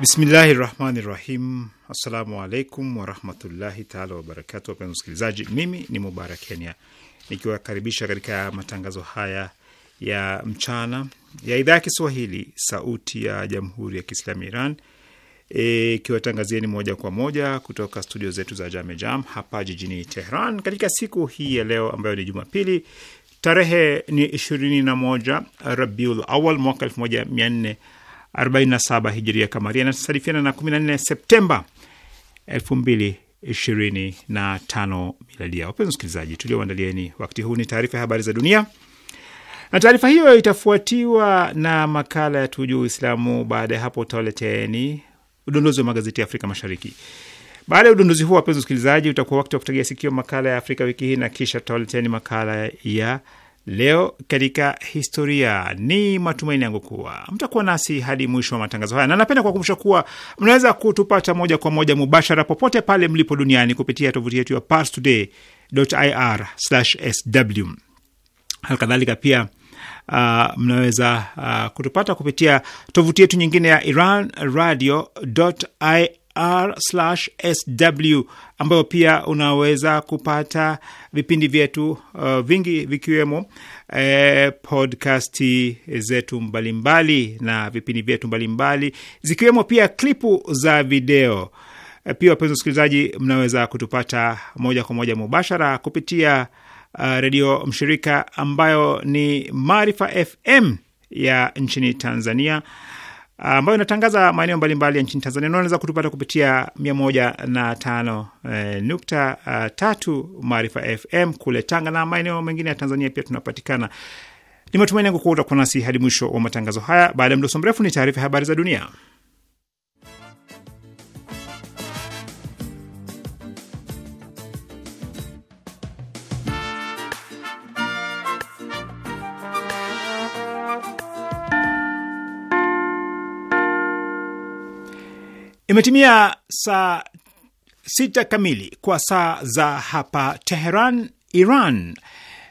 Bismillahi rahmani rahim. Assalamu alaikum warahmatullahi taala wabarakatu. Wapenzi wasikilizaji, mimi ni Mubarak Kenya nikiwakaribisha katika matangazo haya ya mchana ya idhaa ya Kiswahili sauti ya jamhuri ya Kiislamu Iran ikiwatangazia e, moja kwa moja kutoka studio zetu za Jamejam hapa jijini Tehran katika siku hii ya leo ambayo ni Jumapili tarehe ni 21 Rabiul Awal mwaka 1400 47 hijiria kamaria, inasarifiana na 14 Septemba 2025 miladia. Wapenzi wasikilizaji, tulioandalieni wakati huu ni taarifa ya habari za dunia, na taarifa hiyo itafuatiwa na makala ya tujuu Uislamu. Baada ya hapo, utawaleteni udondozi wa magazeti ya Afrika Mashariki. Baada ya udondozi huo, wapenzi wasikilizaji, utakuwa wakati wa kutegea sikio makala ya Afrika wiki hii, na kisha tutawaleteni makala ya Leo katika historia. Ni matumaini yangu kuwa mtakuwa nasi hadi mwisho wa matangazo haya, na napenda kuwakumbusha kuwa mnaweza kutupata moja kwa moja mubashara popote pale mlipo duniani kupitia tovuti yetu ya parstoday.ir/sw. Halikadhalika pia uh, mnaweza uh, kutupata kupitia tovuti yetu nyingine ya Iran radio r/sw ambayo pia unaweza kupata vipindi vyetu uh, vingi vikiwemo eh, podcasti zetu mbalimbali na vipindi vyetu mbalimbali zikiwemo pia klipu za video. Eh, pia wapenzi wasikilizaji, mnaweza kutupata moja kwa moja mubashara kupitia uh, redio mshirika ambayo ni Maarifa FM ya nchini Tanzania ambayo inatangaza maeneo mbalimbali ya nchini Tanzania, unaweza kutupata kupitia mia moja na tano eh, nukta eh, tatu Maarifa FM kule Tanga na maeneo mengine ya Tanzania pia tunapatikana. Ni matumaini yangu kuwa utakuwa nasi hadi mwisho wa matangazo haya. Baada ya mdoso mrefu, ni taarifa ya habari za dunia. Imetimia saa sita kamili kwa saa za hapa Teheran, Iran,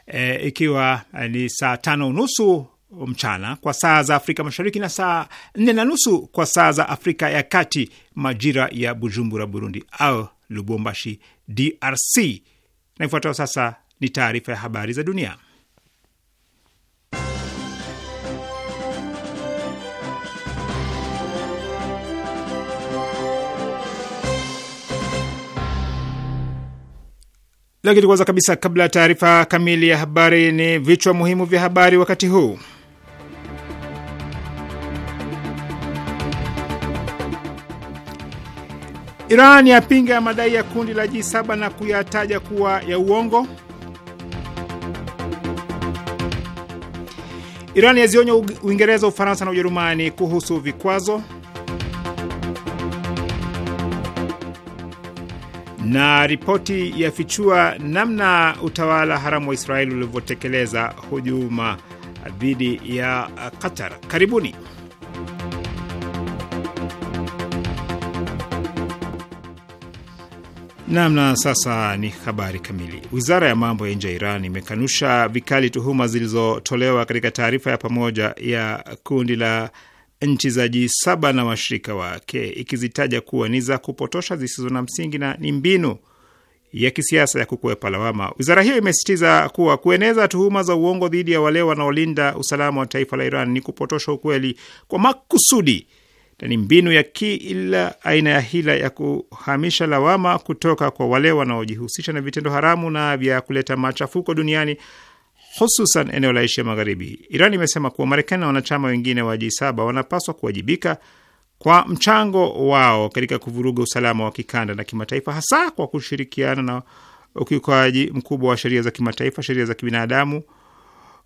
e, ikiwa ni saa tano nusu mchana kwa saa za Afrika Mashariki na saa nne na nusu kwa saa za Afrika ya Kati, majira ya Bujumbura, Burundi au Lubumbashi, DRC. Na ifuatayo sasa ni taarifa ya habari za dunia. Lakini kwanza kabisa, kabla ya taarifa kamili ya habari, ni vichwa muhimu vya habari wakati huu. Iran yapinga ya madai ya kundi la G7 na kuyataja kuwa ya uongo. Iran yazionya Uingereza, Ufaransa na Ujerumani kuhusu vikwazo. na ripoti yafichua namna utawala haramu wa Israeli ulivyotekeleza hujuma dhidi ya Qatar. Karibuni. Namna sasa ni habari kamili. Wizara ya mambo ya nje ya Iran imekanusha vikali tuhuma zilizotolewa katika taarifa ya pamoja ya kundi la nchi za ji saba na washirika wake, ikizitaja kuwa ni za kupotosha, zisizo na msingi na ni mbinu ya kisiasa ya kukwepa lawama. Wizara hiyo imesisitiza kuwa kueneza tuhuma za uongo dhidi ya wale wanaolinda usalama wa taifa la Iran ni kupotosha ukweli kwa makusudi na ni mbinu ya kila aina ya hila ya kuhamisha lawama kutoka kwa wale wanaojihusisha na vitendo haramu na vya kuleta machafuko duniani hususan eneo la Asia Magharibi. Iran imesema kuwa Marekani na wanachama wengine wa G7 wanapaswa kuwajibika kwa mchango wao katika kuvuruga usalama wa kikanda na kimataifa, hasa kwa kushirikiana na ukiukaji mkubwa wa sheria za kimataifa, sheria za kibinadamu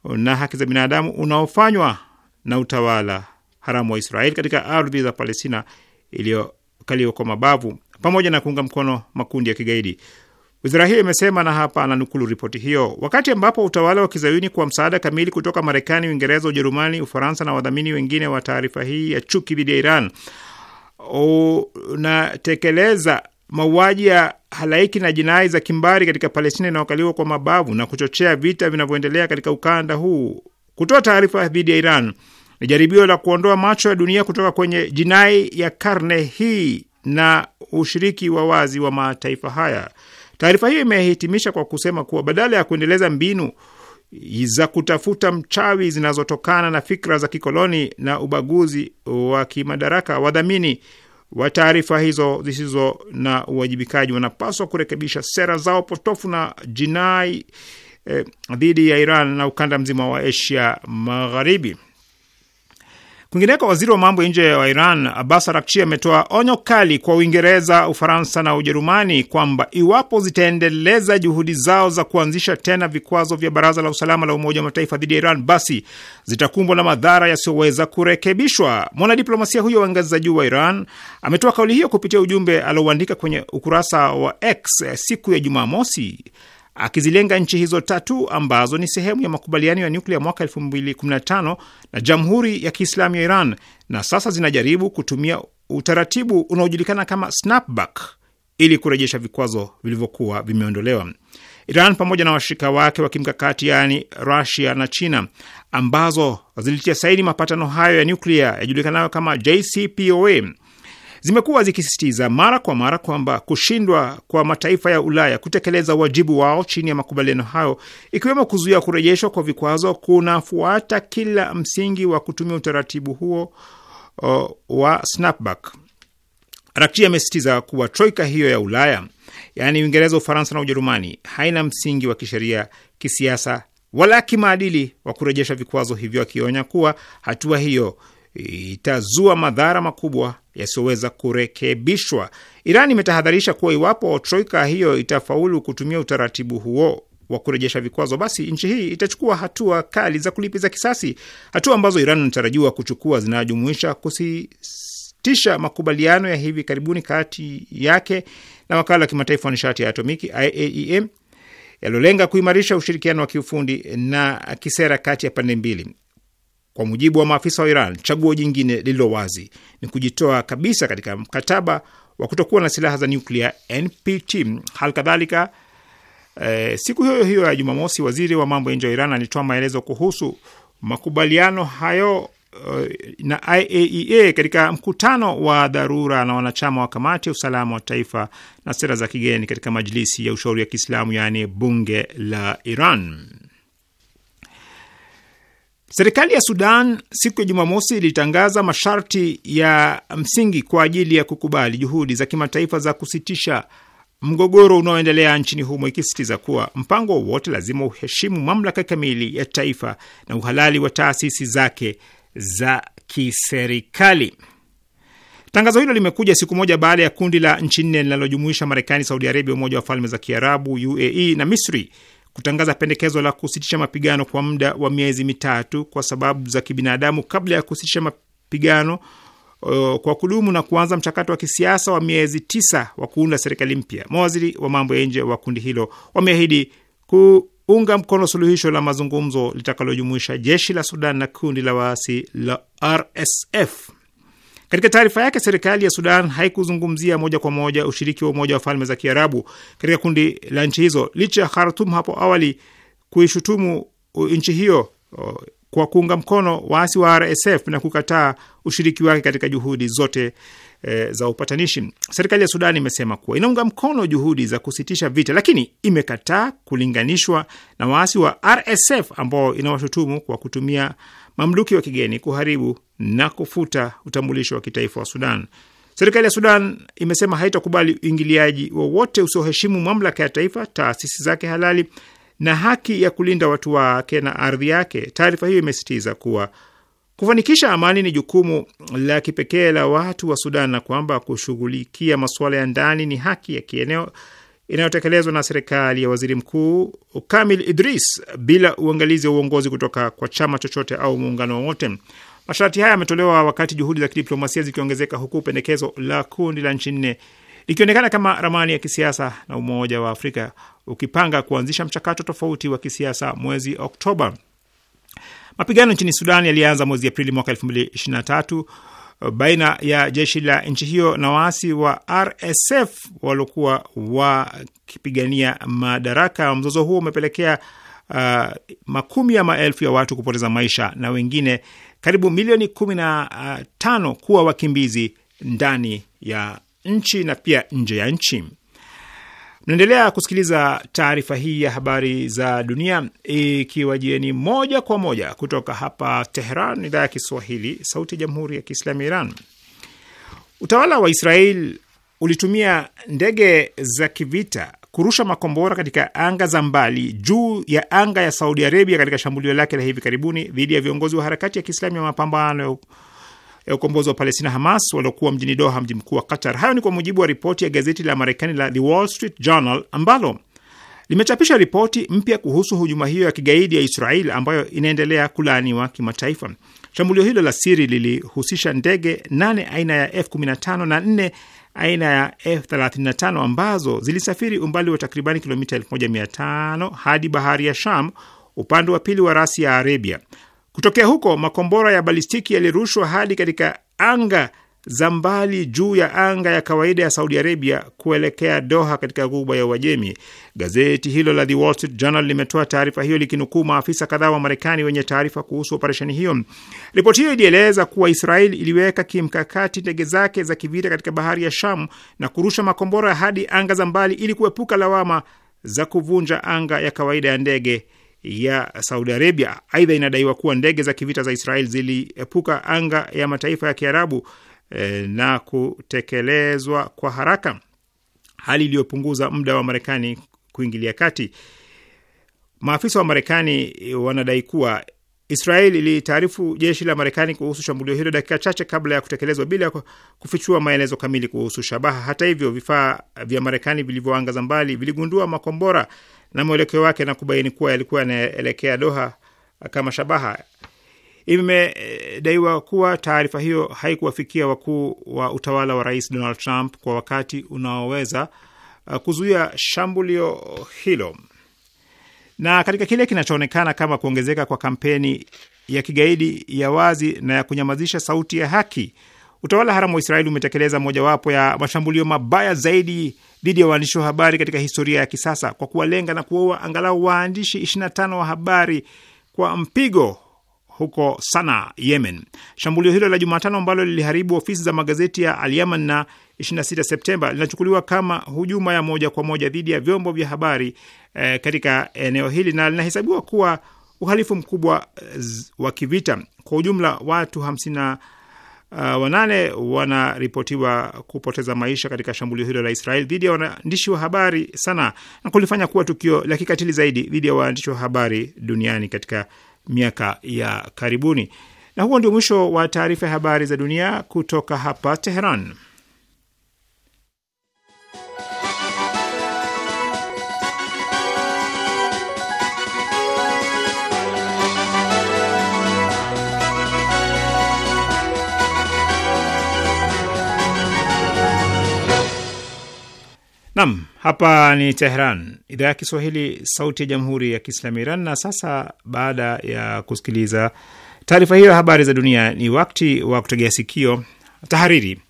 na haki za binadamu unaofanywa na utawala haramu wa Israeli katika ardhi za Palestina iliyokaliwa kwa mabavu, pamoja na kuunga mkono makundi ya kigaidi. Wizara hiyo imesema, na hapa ananukulu ripoti hiyo, wakati ambapo utawala wa kizayuni kwa msaada kamili kutoka Marekani, Uingereza, Ujerumani, Ufaransa na wadhamini wengine wa taarifa hii ya chuki dhidi ya Iran unatekeleza mauaji ya halaiki na jinai za kimbari katika Palestina inayokaliwa kwa mabavu na kuchochea vita vinavyoendelea katika ukanda huu, kutoa taarifa dhidi ya Iran ni jaribio la kuondoa macho ya dunia kutoka kwenye jinai ya karne hii na ushiriki wa wazi wa mataifa haya. Taarifa hiyo imehitimisha kwa kusema kuwa badala ya kuendeleza mbinu za kutafuta mchawi zinazotokana na fikra za kikoloni na ubaguzi wa kimadaraka, wadhamini wa taarifa hizo zisizo na uwajibikaji wanapaswa kurekebisha sera zao potofu na jinai eh, dhidi ya Iran na ukanda mzima wa Asia Magharibi. Kwingineko, waziri wa mambo ya nje wa Iran Abbas Araghchi ametoa onyo kali kwa Uingereza, Ufaransa na Ujerumani kwamba iwapo zitaendeleza juhudi zao za kuanzisha tena vikwazo vya Baraza la Usalama la Umoja wa Mataifa dhidi ya Iran, basi zitakumbwa na madhara yasiyoweza kurekebishwa. Mwanadiplomasia huyo wa ngazi za juu wa Iran ametoa kauli hiyo kupitia ujumbe aliouandika kwenye ukurasa wa X siku ya Jumamosi akizilenga nchi hizo tatu ambazo ni sehemu ya makubaliano ya nyuklia mwaka 2015 na Jamhuri ya Kiislamu ya Iran, na sasa zinajaribu kutumia utaratibu unaojulikana kama snapback ili kurejesha vikwazo vilivyokuwa vimeondolewa. Iran pamoja na washirika wake wa kimkakati yaani Rusia na China ambazo zilitia saini mapatano hayo ya nyuklia yajulikanayo kama JCPOA zimekuwa zikisisitiza mara kwa mara kwamba kushindwa kwa mataifa ya Ulaya kutekeleza wajibu wao chini ya makubaliano hayo, ikiwemo kuzuia kurejeshwa kwa vikwazo, kunafuata kila msingi wa kutumia utaratibu huo o, wa snapback. Rakti amesisitiza kuwa troika hiyo ya Ulaya, yaani Uingereza, Ufaransa na Ujerumani, haina msingi wa kisheria, kisiasa wala kimaadili wa kurejesha vikwazo hivyo, akionya kuwa hatua hiyo itazua madhara makubwa yasiyoweza kurekebishwa. Iran imetahadharisha kuwa iwapo troika hiyo itafaulu kutumia utaratibu huo wa kurejesha vikwazo, basi nchi hii itachukua hatua kali za kulipiza kisasi. Hatua ambazo Iran inatarajiwa kuchukua zinajumuisha kusitisha makubaliano ya hivi karibuni kati yake na wakala wa kimataifa wa nishati ya atomiki IAEA yaliyolenga kuimarisha ushirikiano wa kiufundi na kisera kati ya pande mbili. Kwa mujibu wa maafisa wa Iran, chaguo jingine lililo wazi ni kujitoa kabisa katika mkataba wa kutokuwa na silaha za nuklia NPT. Hali kadhalika e, siku hiyo hiyo ya Jumamosi, waziri wa mambo ya nje wa Iran alitoa maelezo kuhusu makubaliano hayo eh, na IAEA e katika mkutano wa dharura na wanachama wa kamati ya usalama wa taifa na sera za kigeni katika majlisi ya ushauri ya Kiislamu, yaani bunge la Iran. Serikali ya Sudan siku ya Jumamosi ilitangaza masharti ya msingi kwa ajili ya kukubali juhudi za kimataifa za kusitisha mgogoro unaoendelea nchini humo, ikisisitiza kuwa mpango wowote lazima uheshimu mamlaka kamili ya taifa na uhalali wa taasisi zake za kiserikali. Tangazo hilo limekuja siku moja baada ya kundi la nchi nne linalojumuisha Marekani, Saudi Arabia, Umoja wa Falme za Kiarabu, UAE na Misri kutangaza pendekezo la kusitisha mapigano kwa muda wa miezi mitatu kwa sababu za kibinadamu kabla ya kusitisha mapigano uh, kwa kudumu na kuanza mchakato wa kisiasa wa miezi tisa wa kuunda serikali mpya. Mawaziri wa mambo ya nje wa kundi hilo wameahidi kuunga mkono suluhisho la mazungumzo litakalojumuisha jeshi la Sudan na kundi la waasi la RSF. Katika taarifa yake, serikali ya Sudan haikuzungumzia moja kwa moja ushiriki wa Umoja wa Falme za Kiarabu katika kundi la nchi hizo, licha ya Khartum hapo awali kuishutumu uh, nchi hiyo uh, kwa kuunga mkono waasi wa RSF na kukataa ushiriki wake katika juhudi zote e, za upatanishi. Serikali ya Sudan imesema kuwa inaunga mkono juhudi za kusitisha vita, lakini imekataa kulinganishwa na waasi wa RSF ambao inawashutumu kwa kutumia mamluki wa kigeni kuharibu na kufuta utambulisho wa kitaifa wa Sudan. Serikali ya Sudan imesema haitakubali uingiliaji wowote usioheshimu mamlaka ya taifa, taasisi zake halali na haki ya kulinda watu wake na ardhi yake. Taarifa hiyo imesisitiza kuwa kufanikisha amani ni jukumu la kipekee la watu wa Sudan na kwamba kushughulikia masuala ya ndani ni haki ya kieneo inayotekelezwa na serikali ya waziri mkuu Kamil Idris bila uangalizi wa uongozi kutoka kwa chama chochote au muungano wowote. Masharti haya yametolewa wakati juhudi za kidiplomasia zikiongezeka, huku pendekezo la kundi la nchi nne likionekana kama ramani ya kisiasa na Umoja wa Afrika ukipanga kuanzisha mchakato tofauti wa kisiasa mwezi Oktoba. Mapigano nchini Sudan yalianza mwezi Aprili mwaka 2023 baina ya jeshi la nchi hiyo na waasi wa RSF waliokuwa wakipigania madaraka. Mzozo huo umepelekea uh, makumi ya maelfu ya watu kupoteza maisha na wengine karibu milioni kumi na uh, tano kuwa wakimbizi ndani ya nchi na pia nje ya nchi. Mnaendelea kusikiliza taarifa hii ya habari za dunia ikiwa jieni moja kwa moja kutoka hapa Tehran, idhaa ya Kiswahili, sauti ya jamhuri ya kiislamu ya Iran. Utawala wa Israel ulitumia ndege za kivita kurusha makombora katika anga za mbali juu ya anga ya Saudi Arabia katika shambulio lake la hivi karibuni dhidi ya viongozi wa harakati ya kiislamu ya mapambano ya ukombozi wa Palestina, Hamas, waliokuwa mjini Doha, mji mkuu wa Qatar. Hayo ni kwa mujibu wa ripoti ya gazeti la Marekani la The Wall Street Journal ambalo limechapisha ripoti mpya kuhusu hujuma hiyo ya kigaidi ya Israel ambayo inaendelea kulaaniwa kimataifa. Shambulio hilo la siri lilihusisha ndege nane aina ya F15 na nne aina ya F35 ambazo zilisafiri umbali wa takribani kilomita 1500 hadi bahari ya Sham upande wa pili wa rasi ya Arabia. Kutokea huko makombora ya balistiki yalirushwa hadi katika anga za mbali juu ya anga ya kawaida ya Saudi Arabia kuelekea Doha katika ghuba ya Uajemi. Gazeti hilo la The Wall Street Journal limetoa taarifa hiyo likinukuu maafisa kadhaa wa Marekani wenye taarifa kuhusu operesheni hiyo. Ripoti hiyo ilieleza kuwa Israel iliweka kimkakati ndege zake za kivita katika bahari ya Shamu na kurusha makombora hadi anga za mbali ili kuepuka lawama za kuvunja anga ya kawaida ya ndege ya Saudi Arabia. Aidha, inadaiwa kuwa ndege za kivita za Israel ziliepuka anga ya mataifa ya Kiarabu e, na kutekelezwa kwa haraka, hali iliyopunguza muda wa Marekani kuingilia kati. Maafisa wa Marekani wanadai kuwa Israel ilitaarifu jeshi la Marekani kuhusu shambulio hilo dakika chache kabla ya kutekelezwa bila kufichua maelezo kamili kuhusu shabaha. Hata hivyo, vifaa vya Marekani vilivyoangaza mbali viligundua makombora na mwelekeo wake na kubaini kuwa yalikuwa yanaelekea Doha kama shabaha. Imedaiwa kuwa taarifa hiyo haikuwafikia wakuu wa utawala wa Rais Donald Trump kwa wakati unaoweza uh, kuzuia shambulio hilo. Na katika kile kinachoonekana kama kuongezeka kwa kampeni ya kigaidi ya wazi na ya kunyamazisha sauti ya haki Utawala haramu wa Israeli umetekeleza mojawapo ya mashambulio mabaya zaidi dhidi ya waandishi wa habari katika historia ya kisasa kwa kuwalenga na kuwaua angalau waandishi 25 wa habari kwa mpigo huko Sana, Yemen. Shambulio hilo la Jumatano ambalo liliharibu ofisi za magazeti ya Alyaman na 26 Septemba linachukuliwa kama hujuma ya moja kwa moja dhidi ya vyombo vya habari eh, katika eneo hili na linahesabiwa kuwa uhalifu mkubwa eh, wa kivita. Kwa ujumla watu hamsini uh, wanane wanaripotiwa kupoteza maisha katika shambulio hilo la Israel dhidi ya waandishi wa habari sana na kulifanya kuwa tukio la kikatili zaidi dhidi ya waandishi wa habari duniani katika miaka ya karibuni. Na huo ndio mwisho wa taarifa ya habari za dunia kutoka hapa Teheran. Nam, hapa ni Tehran, idhaa ya Kiswahili, sauti ya jamhuri ya kiislamu Iran. Na sasa baada ya kusikiliza taarifa hiyo ya habari za dunia, ni wakati wa kutegea sikio tahariri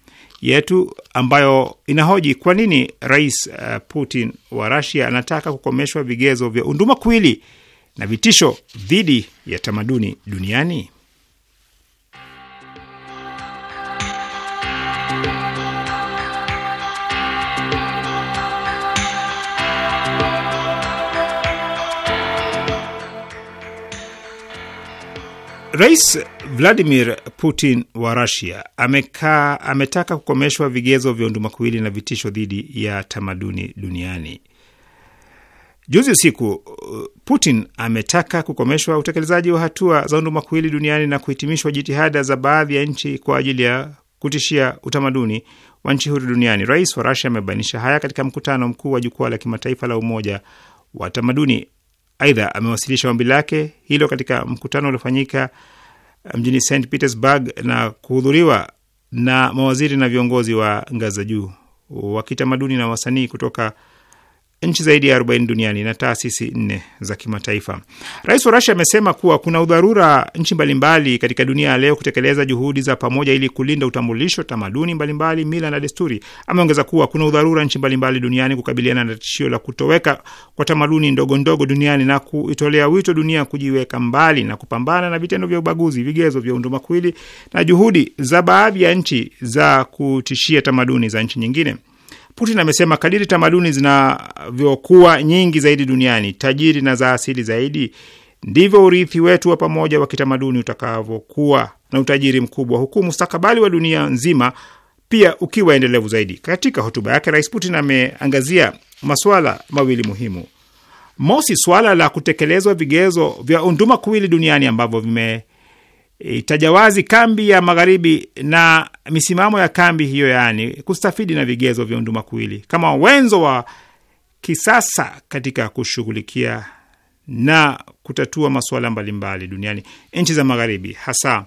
yetu ambayo inahoji kwa nini Rais uh, Putin wa Rasia anataka kukomeshwa vigezo vya unduma kwili na vitisho dhidi ya tamaduni duniani. Rais Vladimir Putin wa Rusia amekaa ametaka kukomeshwa vigezo vya undumakuwili na vitisho dhidi ya tamaduni duniani. Juzi usiku, uh, Putin ametaka kukomeshwa utekelezaji wa hatua za undumakuwili duniani na kuhitimishwa jitihada za baadhi ya nchi kwa ajili ya kutishia utamaduni wa nchi huru duniani. Rais wa Rusia amebainisha haya katika mkutano mkuu wa jukwaa la kimataifa la umoja wa tamaduni. Aidha, amewasilisha ombi lake hilo katika mkutano uliofanyika um, mjini St Petersburg na kuhudhuriwa na mawaziri na viongozi wa ngazi za juu wa kitamaduni na wasanii kutoka nchi zaidi ya 40 duniani na taasisi nne za kimataifa. Rais wa Russia amesema kuwa kuna udharura nchi mbalimbali katika dunia ya leo kutekeleza juhudi za pamoja ili kulinda utambulisho, tamaduni mbalimbali, mila na desturi. Ameongeza kuwa kuna udharura nchi mbalimbali duniani kukabiliana na tishio la kutoweka kwa tamaduni ndogo ndogo duniani na kuitolea wito dunia kujiweka mbali na kupambana na vitendo vya ubaguzi, vigezo vya undumakuwili na juhudi za baadhi ya nchi za kutishia tamaduni za nchi nyingine. Putin amesema kadiri tamaduni zinavyokuwa nyingi zaidi duniani, tajiri na za asili zaidi, ndivyo urithi wetu wa pamoja wa kitamaduni utakavyokuwa na utajiri mkubwa, huku mustakabali wa dunia nzima pia ukiwa endelevu zaidi. Katika hotuba yake, Rais Putin ameangazia masuala mawili muhimu. Mosi, suala la kutekelezwa vigezo vya unduma kuwili duniani ambavyo vime itajawazi kambi ya magharibi na misimamo ya kambi hiyo, yaani kustafidi na vigezo vya undumakuwili kama wenzo wa kisasa katika kushughulikia na kutatua masuala mbalimbali duniani. Nchi za magharibi hasa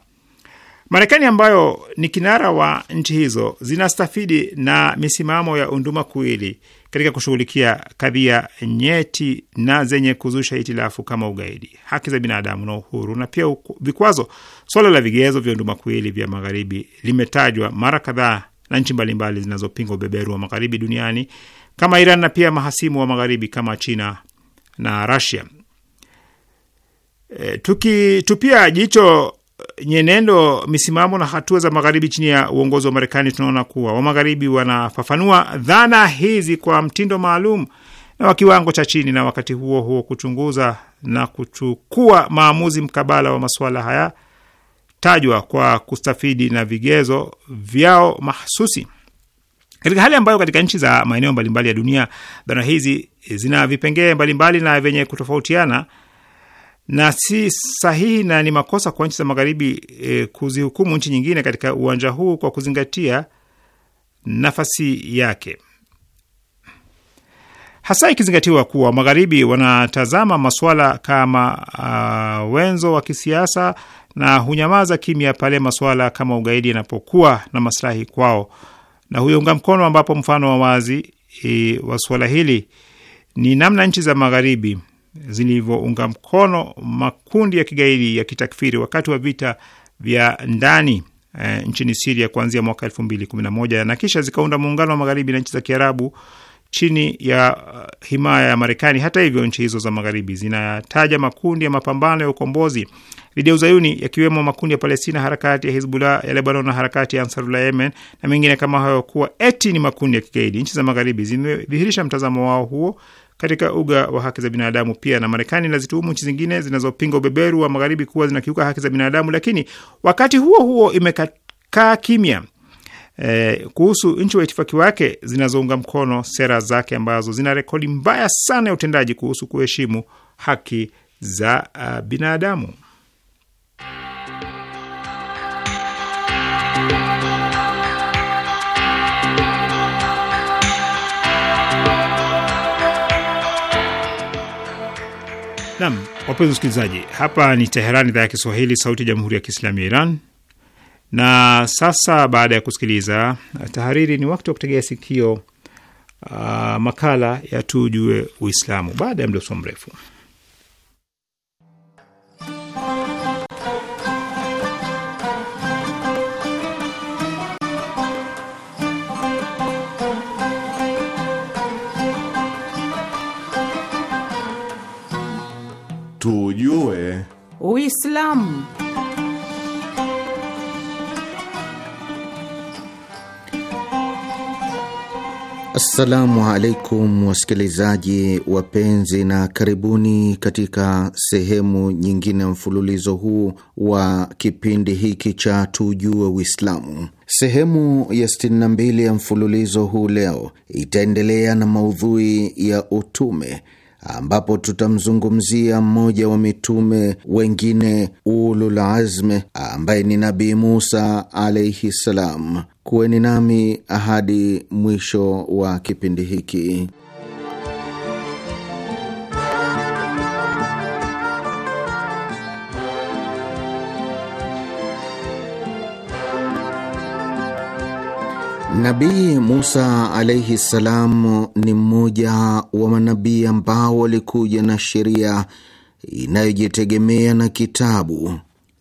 Marekani ambayo ni kinara wa nchi hizo zinastafidi na misimamo ya unduma kuili katika kushughulikia kadhia nyeti na zenye kuzusha itilafu kama ugaidi, haki za binadamu na uhuru, na pia vikwazo. Swala la vigezo vya unduma kuili vya magharibi limetajwa mara kadhaa na nchi mbalimbali zinazopinga ubeberu wa magharibi duniani kama Iran na pia mahasimu wa magharibi kama China na Russia. E, tukitupia jicho nyenendo, misimamo na hatua za magharibi chini ya uongozi wa Marekani, tunaona kuwa wa magharibi wanafafanua dhana hizi kwa mtindo maalum na wa kiwango cha chini, na wakati huo huo kuchunguza na kuchukua maamuzi mkabala wa masuala haya tajwa kwa kustafidi na vigezo vyao mahsusi, katika hali ambayo katika nchi za maeneo mbalimbali ya dunia dhana hizi zina vipengee mbalimbali na vyenye kutofautiana na si sahihi na ni makosa kwa nchi za magharibi e, kuzihukumu nchi nyingine katika uwanja huu kwa kuzingatia nafasi yake, hasa ikizingatiwa kuwa magharibi wanatazama masuala kama uh, wenzo wa kisiasa na hunyamaza kimya pale masuala kama ugaidi yanapokuwa na maslahi kwao na huyunga mkono, ambapo mfano wa wazi e, wa suala hili ni namna nchi za magharibi zilivyounga mkono makundi ya kigaidi ya kitakfiri wakati wa vita vya ndani e, nchini Siria kuanzia mwaka elfu mbili kumi na moja na kisha zikaunda muungano wa magharibi na nchi za Kiarabu chini ya eh, himaya ya Marekani. Hata hivyo, nchi hizo za magharibi zinataja makundi ya mapambano ya ukombozi dhidi ya uzayuni yakiwemo makundi ya Palestina, harakati ya Hizbullah ya Lebanon na harakati ya Ansarullah Yemen na mengine kama hayo kuwa eti ni makundi ya kigaidi. Nchi za magharibi zimedhihirisha mtazamo wao huo katika uga wa haki za binadamu pia. Na Marekani inazituhumu nchi zingine zinazopinga ubeberu wa magharibi kuwa zinakiuka haki za binadamu, lakini wakati huo huo imekaa kimya Eh, kuhusu nchi wa itifaki wake zinazounga mkono sera zake ambazo zina rekodi mbaya sana ya utendaji kuhusu kuheshimu haki za uh, binadamu. Nam, wapenzi wasikilizaji, hapa ni Teherani, idhaa ya Kiswahili, sauti ya jamhuri ya kiislamu ya Iran. Na sasa baada ya kusikiliza tahariri, ni wakati wa kutegea sikio uh, makala ya tujue Uislamu baada ya mdoso mrefu tujue Uislamu. Assalamu alaikum wasikilizaji wapenzi, na karibuni katika sehemu nyingine ya mfululizo huu wa kipindi hiki cha tujue Uislamu. Sehemu ya 62 ya mfululizo huu leo itaendelea na maudhui ya utume ambapo tutamzungumzia mmoja wa mitume wengine ulul azme ambaye ni Nabii Musa alaihi ssalam. Kuweni nami hadi mwisho wa kipindi hiki. Nabii Musa alaihi salam ni mmoja wa manabii ambao walikuja na sheria inayojitegemea na kitabu.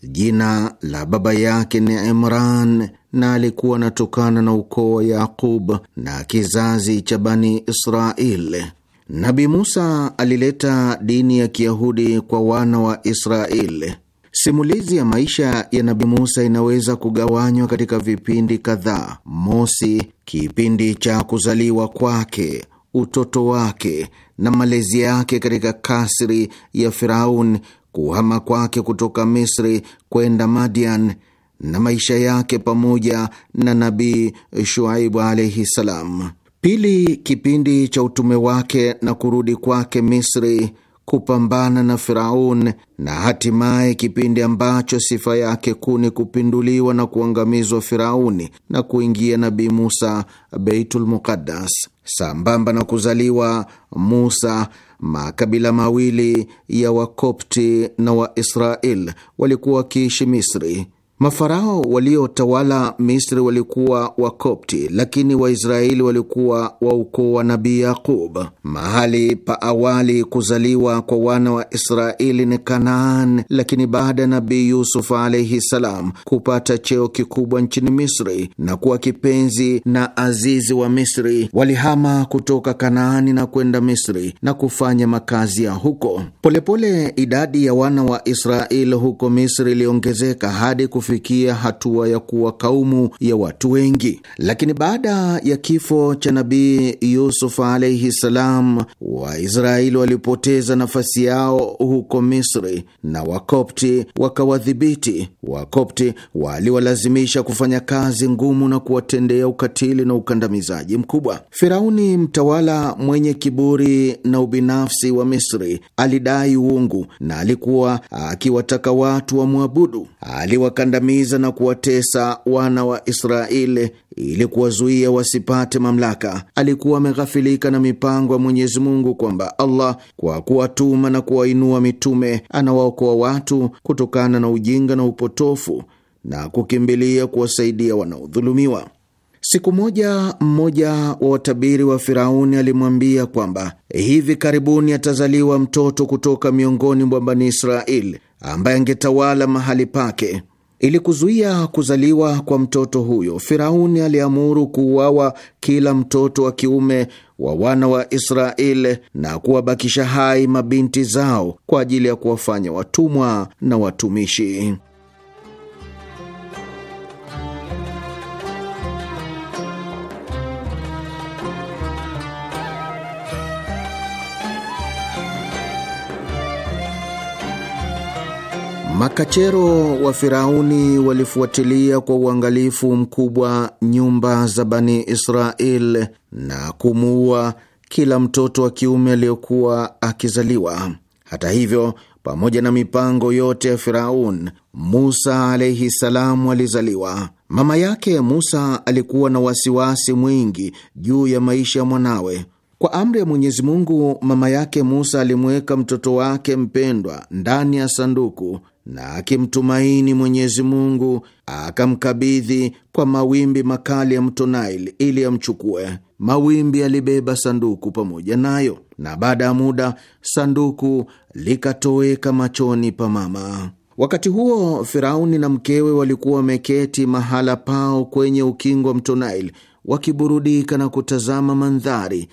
Jina la baba yake ni Imran na alikuwa anatokana na ukoo wa Yaqub na kizazi cha Bani Israel. Nabi Musa alileta dini ya Kiyahudi kwa wana wa Israel. Simulizi ya maisha ya nabi Musa inaweza kugawanywa katika vipindi kadhaa: mosi, kipindi cha kuzaliwa kwake, utoto wake na malezi yake katika kasri ya Firaun, kuhama kwake kutoka Misri kwenda Madian na maisha yake pamoja na Nabii Shuaibu alaihi salam; pili, kipindi cha utume wake na kurudi kwake Misri kupambana na Firaun na hatimaye kipindi ambacho sifa yake kuu ni kupinduliwa na kuangamizwa Firauni na kuingia Nabii Musa Beitul Muqaddas. Sambamba na kuzaliwa Musa, makabila mawili ya Wakopti na Waisrael walikuwa wakiishi Misri. Mafarao waliotawala Misri walikuwa Wakopti, lakini Waisraeli walikuwa wa ukoo wa Nabii Yaqub. Mahali pa awali kuzaliwa kwa wana wa Israeli ni Kanaan, lakini baada ya Nabii Yusuf alaihi salam kupata cheo kikubwa nchini Misri na kuwa kipenzi na azizi wa Misri, walihama kutoka Kanaani na kwenda Misri na kufanya makazi ya huko. Polepole idadi ya wana wa Israeli huko Misri iliongezeka hadi kufikia hatua ya kuwa kaumu ya watu wengi. Lakini baada ya kifo cha Nabii Yusuf alaihi salam, Waisraeli walipoteza nafasi yao huko Misri na Wakopti wakawadhibiti. Wakopti waliwalazimisha kufanya kazi ngumu na kuwatendea ukatili na ukandamizaji mkubwa. Firauni, mtawala mwenye kiburi na ubinafsi wa Misri, alidai uungu na alikuwa akiwataka watu wamwabudu aliwakanda kuwakandamiza na kuwatesa wana wa Israeli ili kuwazuia wasipate mamlaka. Alikuwa ameghafilika na mipango ya Mwenyezi Mungu kwamba Allah kwa kuwatuma na kuwainua mitume anawaokoa watu kutokana na ujinga na upotofu na kukimbilia kuwasaidia wanaodhulumiwa. Siku moja mmoja wa watabiri wa Firauni alimwambia kwamba hivi karibuni atazaliwa mtoto kutoka miongoni mwa Bani Israeli ambaye angetawala mahali pake. Ili kuzuia kuzaliwa kwa mtoto huyo, Firauni aliamuru kuuawa kila mtoto wa kiume wa wana wa Israeli na kuwabakisha hai mabinti zao kwa ajili ya kuwafanya watumwa na watumishi. Makachero wa Firauni walifuatilia kwa uangalifu mkubwa nyumba za Bani Israel na kumuua kila mtoto wa kiume aliyokuwa akizaliwa. Hata hivyo, pamoja na mipango yote ya Firaun, Musa alaihi salamu alizaliwa. Mama yake Musa alikuwa na wasiwasi mwingi juu ya maisha ya mwanawe. Kwa amri ya Mwenyezi Mungu, mama yake Musa alimweka mtoto wake mpendwa ndani ya sanduku na akimtumaini Mwenyezi Mungu akamkabidhi kwa mawimbi makali ya mto Nile ili amchukue. Mawimbi yalibeba sanduku pamoja nayo, na baada ya muda sanduku likatoweka machoni pa mama. Wakati huo Firauni na mkewe walikuwa wameketi mahala pao kwenye ukingo wa mto Nile wakiburudika na kutazama mandhari.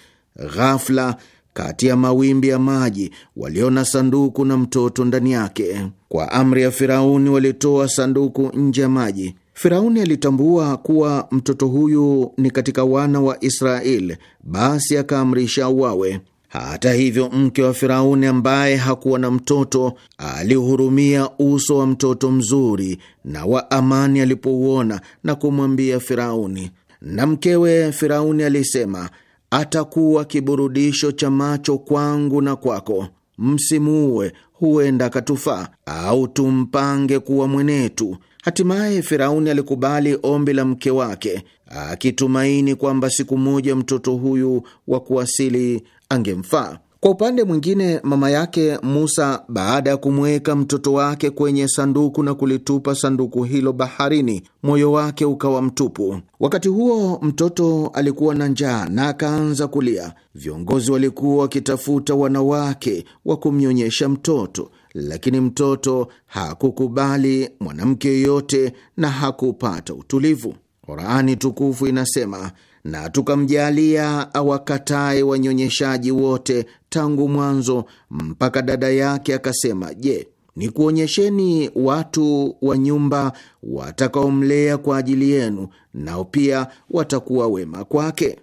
Ghafla kati ya mawimbi ya maji, waliona sanduku na mtoto ndani yake. Kwa amri ya Firauni walitoa sanduku nje ya maji. Firauni alitambua kuwa mtoto huyu ni katika wana wa Israeli, basi akaamrisha uwawe. Hata hivyo, mke wa Firauni ambaye hakuwa na mtoto alihurumia uso wa mtoto mzuri na wa amani alipouona, na kumwambia Firauni. Na mkewe Firauni alisema atakuwa kiburudisho cha macho kwangu na kwako. Msimuue, huenda akatufaa, au tumpange kuwa mwenetu. Hatimaye Firauni alikubali ombi la mke wake, akitumaini kwamba siku moja mtoto huyu wa kuasili angemfaa. Kwa upande mwingine, mama yake Musa, baada ya kumweka mtoto wake kwenye sanduku na kulitupa sanduku hilo baharini, moyo wake ukawa mtupu. Wakati huo mtoto alikuwa na njaa na akaanza kulia. Viongozi walikuwa wakitafuta wanawake wa kumnyonyesha mtoto, lakini mtoto hakukubali mwanamke yoyote na hakupata utulivu. Qurani tukufu inasema na tukamjalia awakatae wanyonyeshaji wote tangu mwanzo mpaka dada yake akasema, Je, nikuonyesheni watu wa nyumba watakaomlea kwa ajili yenu, nao pia watakuwa wema kwake?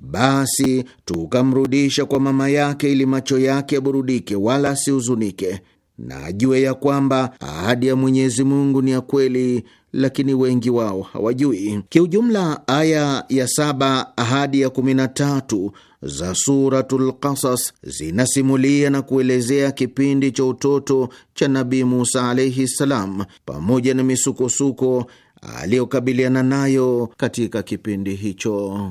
Basi tukamrudisha kwa mama yake, ili macho yake yaburudike, wala asihuzunike, na ajue ya kwamba ahadi ya Mwenyezi Mungu ni ya kweli lakini wengi wao hawajui. Kiujumla, aya ya saba hadi ya kumi na tatu za Suratul Qasas zinasimulia na kuelezea kipindi cha utoto cha Nabii Musa alaihi ssalam, pamoja na misukosuko aliyokabiliana nayo katika kipindi hicho.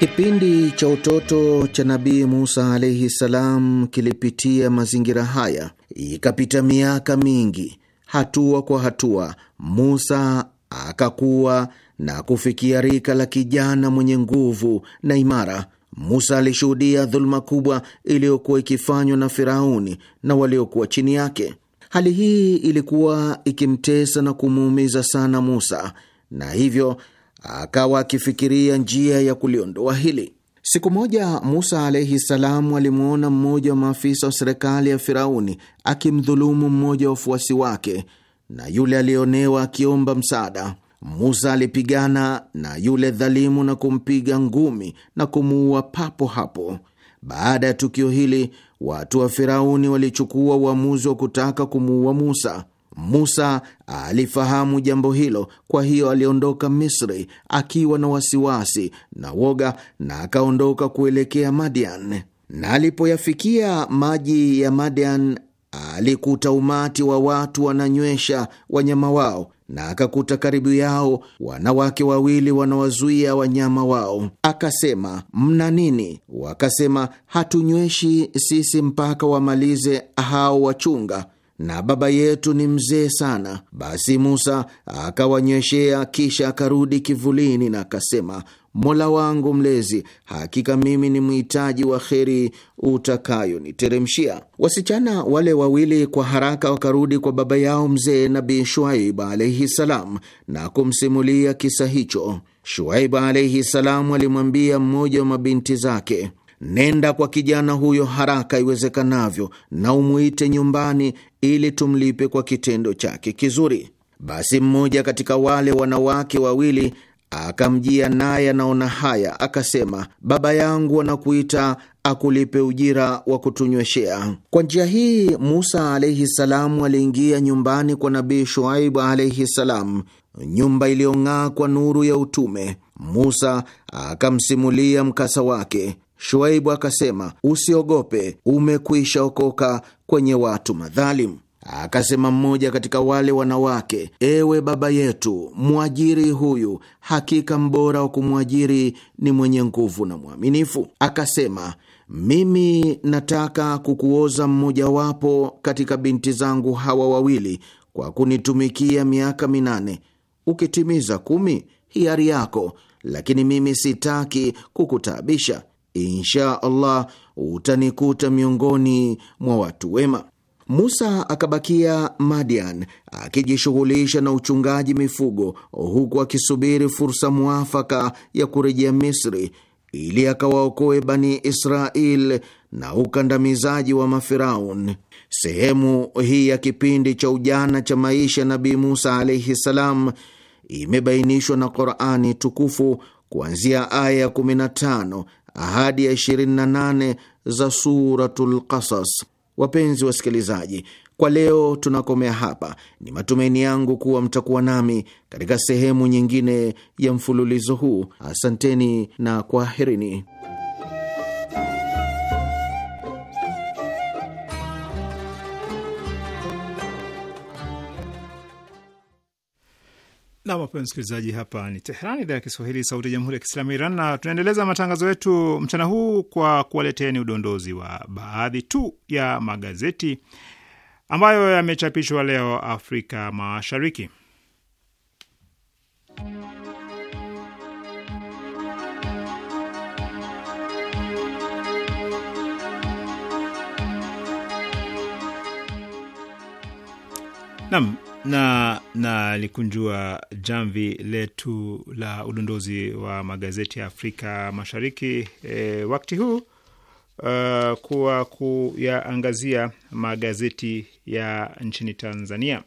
Kipindi cha utoto cha Nabii Musa alaihi salam kilipitia mazingira haya. Ikapita miaka mingi, hatua kwa hatua, Musa akakuwa na kufikia rika la kijana mwenye nguvu na imara. Musa alishuhudia dhuluma kubwa iliyokuwa ikifanywa na Firauni na waliokuwa chini yake. Hali hii ilikuwa ikimtesa na kumuumiza sana Musa, na hivyo akawa akifikiria njia ya kuliondoa hili. Siku moja Musa alaihi salamu alimwona mmoja wa maafisa wa serikali ya Firauni akimdhulumu mmoja wa wafuasi wake, na yule aliyeonewa akiomba msaada. Musa alipigana na yule dhalimu na kumpiga ngumi na kumuua papo hapo. Baada ya tukio hili, watu wa Firauni walichukua uamuzi wa kutaka kumuua Musa. Musa alifahamu jambo hilo, kwa hiyo aliondoka Misri akiwa na wasiwasi na woga, na akaondoka kuelekea Madian. Na alipoyafikia maji ya Madian alikuta umati wa watu wananywesha wanyama wao na akakuta karibu yao wanawake wawili wanawazuia wanyama wao. Akasema, mna nini? Wakasema, hatunyweshi sisi mpaka wamalize hao wachunga na baba yetu ni mzee sana. Basi Musa akawanyeshea, kisha akarudi kivulini na akasema, Mola wangu mlezi, hakika mimi ni mhitaji wa kheri utakayoniteremshia. Wasichana wale wawili kwa haraka wakarudi kwa baba yao mzee nabi Shuaib alaihi salam na kumsimulia kisa hicho. Shuaib alaihi salam alimwambia mmoja wa mabinti zake nenda kwa kijana huyo haraka iwezekanavyo na umwite nyumbani ili tumlipe kwa kitendo chake kizuri. Basi mmoja katika wale wanawake wawili akamjia, naye anaona haya, akasema, baba yangu anakuita akulipe ujira wa kutunyweshea. Kwa njia hii Musa alaihi salamu aliingia nyumbani kwa Nabii Shuaibu alaihi salamu, nyumba iliyong'aa kwa nuru ya utume. Musa akamsimulia mkasa wake. Shuaibu akasema, usiogope, umekwisha okoka kwenye watu madhalimu. Akasema mmoja katika wale wanawake, ewe baba yetu, mwajiri huyu, hakika mbora wa kumwajiri ni mwenye nguvu na mwaminifu. Akasema, mimi nataka kukuoza mmojawapo katika binti zangu hawa wawili kwa kunitumikia miaka minane. Ukitimiza kumi, hiari yako, lakini mimi sitaki kukutaabisha insha Allah utanikuta miongoni mwa watu wema. Musa akabakia Madian akijishughulisha na uchungaji mifugo, huku akisubiri fursa muafaka ya kurejea Misri ili akawaokoe Bani Israel na ukandamizaji wa Mafiraun. Sehemu hii ya kipindi cha ujana cha maisha Nabii Musa alaihi salam imebainishwa na Qurani tukufu kuanzia aya ya 15 hadi ya 28 za Suratul Qasas. Wapenzi wasikilizaji, kwa leo tunakomea hapa. Ni matumaini yangu kuwa mtakuwa nami katika sehemu nyingine ya mfululizo huu. Asanteni na kwaherini. Na wapenzi msikilizaji, hapa ni Teherani, idhaa ya Kiswahili, sauti ya jamhuri ya kiislamu ya Iran, na tunaendeleza matangazo yetu mchana huu kwa kuwaleteni udondozi wa baadhi tu ya magazeti ambayo yamechapishwa leo Afrika Mashariki. Nam na na likunjua jamvi letu la udondozi wa magazeti ya Afrika Mashariki e, wakati huu uh, kuwa kuyaangazia magazeti ya nchini Tanzania.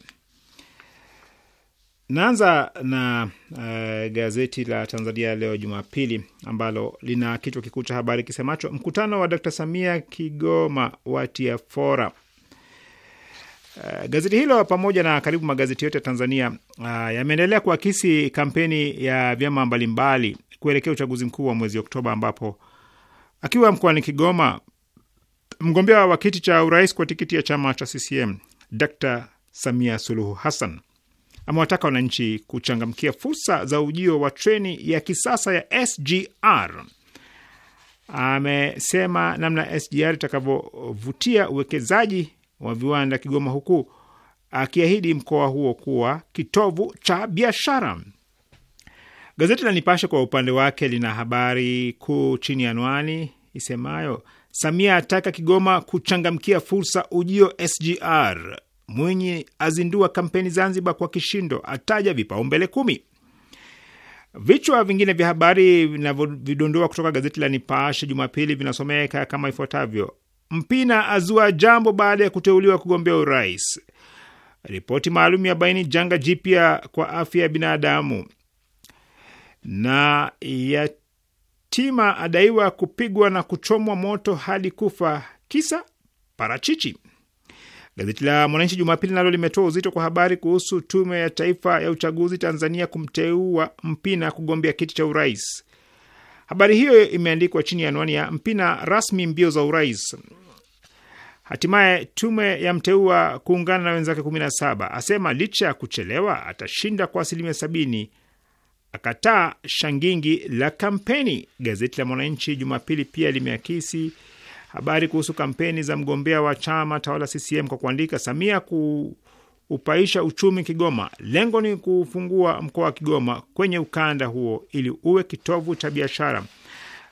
Naanza na uh, gazeti la Tanzania Leo Jumapili ambalo lina kichwa kikuu cha habari kisemacho mkutano wa Dkt Samia Kigoma watia fora Eh, gazeti hilo pamoja na karibu magazeti yote ya Tanzania uh, yameendelea kuakisi kampeni ya vyama mbalimbali kuelekea uchaguzi mkuu wa mwezi Oktoba, ambapo akiwa mkoani Kigoma, mgombea wa kiti cha urais kwa tikiti ya chama cha CCM Dr. Samia Suluhu Hassan amewataka wananchi kuchangamkia fursa za ujio wa treni ya kisasa ya SGR. Amesema namna SGR itakavyovutia uwekezaji wa viwanda Kigoma, huku akiahidi mkoa huo kuwa kitovu cha biashara. Gazeti la Nipashe kwa upande wake lina habari kuu chini ya anwani isemayo Samia ataka Kigoma kuchangamkia fursa ujio SGR. Mwinyi azindua kampeni Zanzibar kwa kishindo, ataja vipaumbele kumi. Vichwa vingine vya habari vinavyovidondoa kutoka gazeti la Nipashe Jumapili vinasomeka kama ifuatavyo: Mpina azua jambo baada ya kuteuliwa kugombea urais. Ripoti maalum ya baini janga jipya kwa afya ya binadamu, na yatima adaiwa kupigwa na kuchomwa moto hadi kufa kisa parachichi. Gazeti la Mwananchi Jumapili nalo limetoa uzito kwa habari kuhusu Tume ya Taifa ya Uchaguzi Tanzania kumteua Mpina kugombea kiti cha urais. Habari hiyo imeandikwa chini ya anwani ya Mpina rasmi mbio za urais. Hatimaye tume ya mteua kuungana na wenzake 17 asema licha ya kuchelewa atashinda kwa asilimia sabini, akataa shangingi la kampeni. Gazeti la Mwananchi Jumapili pia limeakisi habari kuhusu kampeni za mgombea wa chama tawala CCM kwa kuandika Samia ku kupaisha uchumi Kigoma. Lengo ni kufungua mkoa wa Kigoma kwenye ukanda huo ili uwe kitovu cha biashara.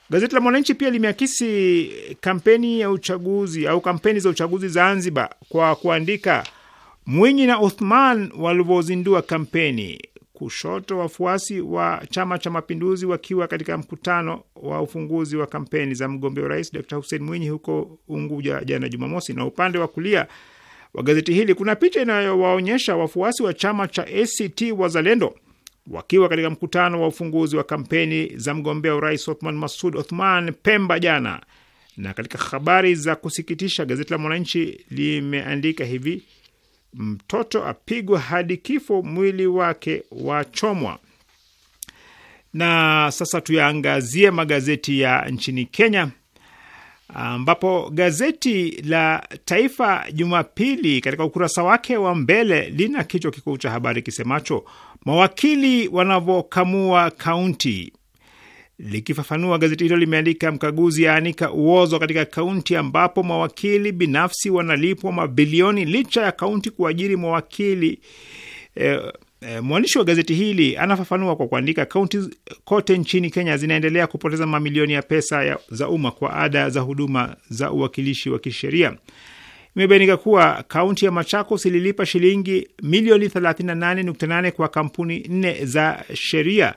Gazeti la Mwananchi pia limeakisi kampeni ya uchaguzi au kampeni za uchaguzi Zanzibar kwa kuandika Mwinyi na Uthman walivyozindua kampeni. Kushoto, wafuasi wa Chama cha Mapinduzi wakiwa katika mkutano wa ufunguzi wa kampeni za mgombea urais Dr Hussein Mwinyi huko Unguja jana Jumamosi, na upande wa kulia wa gazeti hili kuna picha inayowaonyesha wafuasi wa chama cha ACT Wazalendo wakiwa katika mkutano wa ufunguzi wa kampeni za mgombea urais Othman Masud Othman Pemba jana. Na katika habari za kusikitisha, gazeti la Mwananchi limeandika hivi: mtoto apigwa hadi kifo, mwili wake wachomwa. Na sasa tuyaangazie magazeti ya nchini Kenya ambapo gazeti la Taifa Jumapili katika ukurasa wake wa mbele lina kichwa kikuu cha habari kisemacho mawakili wanavyokamua kaunti. Likifafanua, gazeti hilo limeandika mkaguzi yaanika uozo katika kaunti ambapo mawakili binafsi wanalipwa mabilioni licha ya kaunti kuajiri mawakili eh, Eh, mwandishi wa gazeti hili anafafanua kwa kuandika, kaunti kote nchini Kenya zinaendelea kupoteza mamilioni ya pesa ya, za umma kwa ada za huduma za uwakilishi wa kisheria. Imebainika kuwa kaunti ya Machakos ililipa shilingi milioni 38.8 kwa kampuni nne za sheria,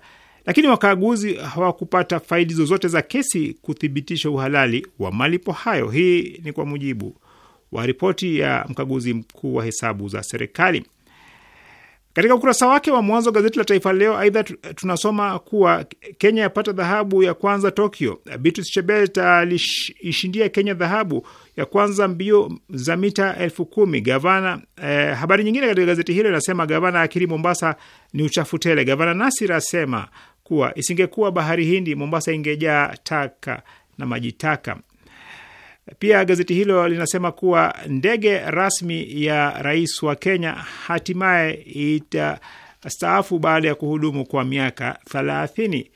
lakini wakaguzi hawakupata faidi zozote za kesi kuthibitisha uhalali wa malipo hayo. Hii ni kwa mujibu wa ripoti ya mkaguzi mkuu wa hesabu za serikali. Katika ukurasa wake wa mwanzo gazeti la Taifa Leo aidha tunasoma kuwa Kenya yapata dhahabu ya kwanza Tokyo. Beatrice Chebet alishindia Kenya dhahabu ya kwanza mbio za mita elfu kumi. Gavana eh, habari nyingine katika gazeti hilo inasema gavana akiri Mombasa ni uchafu tele. Gavana Nasir asema kuwa isingekuwa bahari Hindi, Mombasa ingejaa taka na maji taka. Pia gazeti hilo linasema kuwa ndege rasmi ya rais wa Kenya hatimaye itastaafu baada ya kuhudumu kwa miaka thelathini.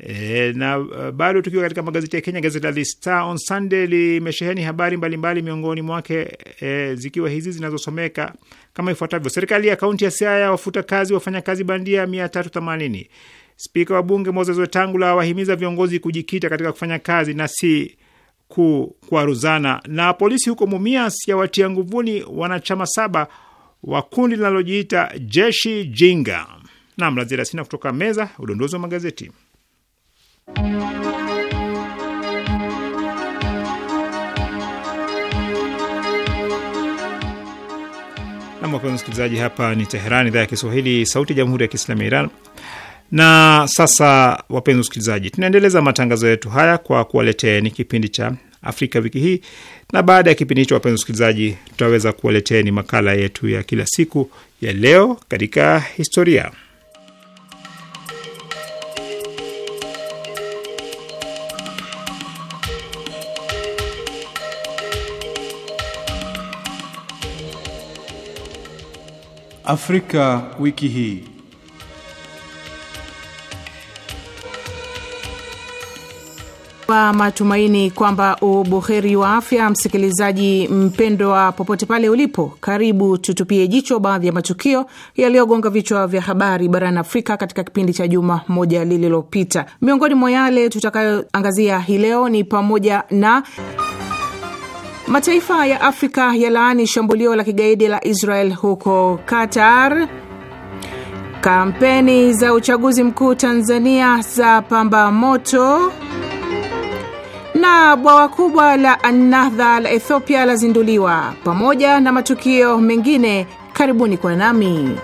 E, na e, bado tukiwa katika magazeti ya Kenya, gazeti la The Star on Sunday limesheheni habari mbalimbali mbali, miongoni mwake e, zikiwa hizi zinazosomeka kama ifuatavyo: serikali ya kaunti ya Siaya wafuta kazi wafanyakazi bandia 380. Spika wa bunge Moses Wetangula awahimiza viongozi kujikita katika kufanya kazi na si kukwaruzana. Na polisi huko Mumias yawatia nguvuni wanachama saba wa kundi linalojiita jeshi jinga. Nam lazira sina kutoka meza udondozi wa magazeti. Nam wapenzi msikilizaji, hapa ni teheran idhaa ya Kiswahili, sauti ya jamhuri ya kiislamu ya Iran. Na sasa, wapenzi wasikilizaji, tunaendeleza matangazo yetu haya kwa kuwaleteeni kipindi cha Afrika wiki hii, na baada ya kipindi hicho, wapenzi wasikilizaji, tutaweza kuwaleteeni makala yetu ya kila siku ya leo katika historia. Afrika wiki hii. Kwa matumaini kwamba ubuheri wa afya, msikilizaji mpendwa, popote pale ulipo, karibu tutupie jicho baadhi ya matukio yaliyogonga vichwa vya habari barani Afrika katika kipindi cha juma moja lililopita. Miongoni mwa yale tutakayoangazia hii leo ni pamoja na mataifa ya Afrika yalaani shambulio la kigaidi la Israel huko Qatar, kampeni za uchaguzi mkuu Tanzania za pamba moto na bwawa kubwa la Annahdha la Ethiopia lazinduliwa, pamoja na matukio mengine. Karibuni kwa nami.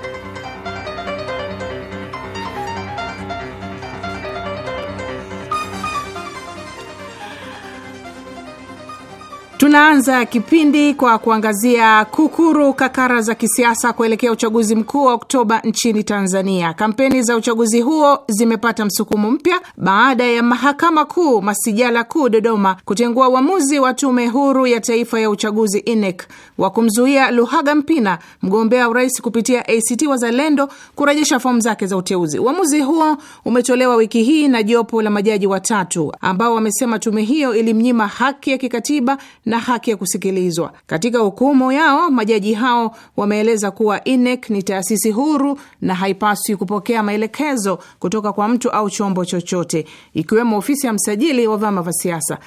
Tunaanza kipindi kwa kuangazia kukuru kakara za kisiasa kuelekea uchaguzi mkuu wa Oktoba nchini Tanzania. Kampeni za uchaguzi huo zimepata msukumo mpya baada ya mahakama kuu masijala kuu Dodoma kutengua uamuzi wa tume huru ya taifa ya uchaguzi INEC wa kumzuia Luhaga Mpina, mgombea urais kupitia ACT Wazalendo, kurejesha fomu zake za uteuzi. Uamuzi huo umetolewa wiki hii na jopo la majaji watatu ambao wamesema tume hiyo ilimnyima haki ya kikatiba na haki ya kusikilizwa. Katika hukumu yao, majaji hao wameeleza kuwa INEC ni taasisi huru na haipaswi kupokea maelekezo kutoka kwa mtu au chombo chochote, ikiwemo ofisi ya msajili wa vyama vya siasa.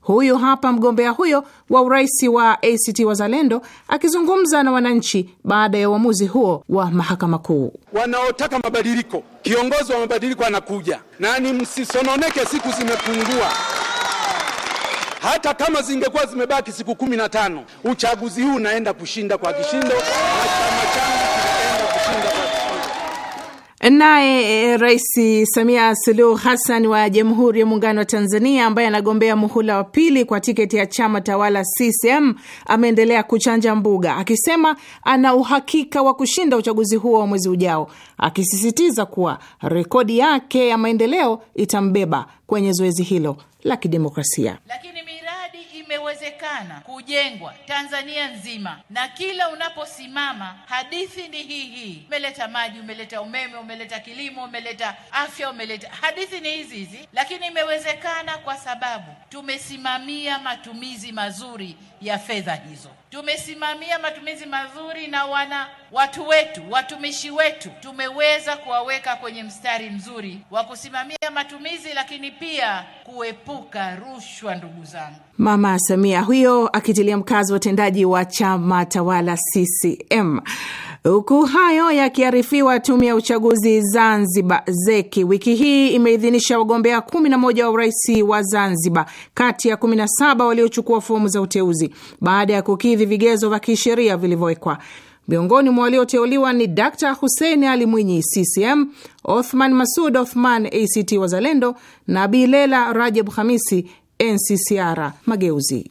Huyu hapa mgombea huyo wa urais wa ACT Wazalendo akizungumza na wananchi baada ya uamuzi huo wa mahakama kuu. Wanaotaka mabadiliko, kiongozi wa mabadiliko anakuja, nani? Msisononeke, siku zimepungua hata kama zingekuwa zimebaki siku kumi na tano uchaguzi huu unaenda kushinda kwa kishindo na chama changu Naye eh, Rais Samia Suluhu Hassan wa Jamhuri ya Muungano wa Tanzania, ambaye anagombea muhula wa pili kwa tiketi ya chama tawala CCM, ameendelea kuchanja mbuga akisema ana uhakika wa kushinda uchaguzi huo wa mwezi ujao, akisisitiza kuwa rekodi yake ya maendeleo itambeba kwenye zoezi hilo la kidemokrasia Lakini imewezekana kujengwa Tanzania nzima, na kila unaposimama hadithi ni hii hii, umeleta maji, umeleta umeme, umeleta kilimo, umeleta afya, umeleta hadithi ni hizi hizi, lakini imewezekana kwa sababu tumesimamia matumizi mazuri ya fedha hizo, tumesimamia matumizi mazuri na wana watu wetu, watumishi wetu, tumeweza kuwaweka kwenye mstari mzuri wa kusimamia matumizi, lakini pia kuepuka rushwa, ndugu zangu. Mama Samia huyo akitilia mkazo watendaji wa chama tawala CCM. Huku hayo yakiarifiwa, tume ya uchaguzi Zanzibar ZEKI wiki hii imeidhinisha wagombea 11 wa urais wa Zanzibar kati ya 17 waliochukua fomu za uteuzi baada ya kukidhi vigezo vya kisheria vilivyowekwa. Miongoni mwa walioteuliwa ni Dkt Hussein Ali Mwinyi, CCM, Othman Masud Othman, ACT Wazalendo, na Bilela Rajab Hamisi, NCCR Mageuzi.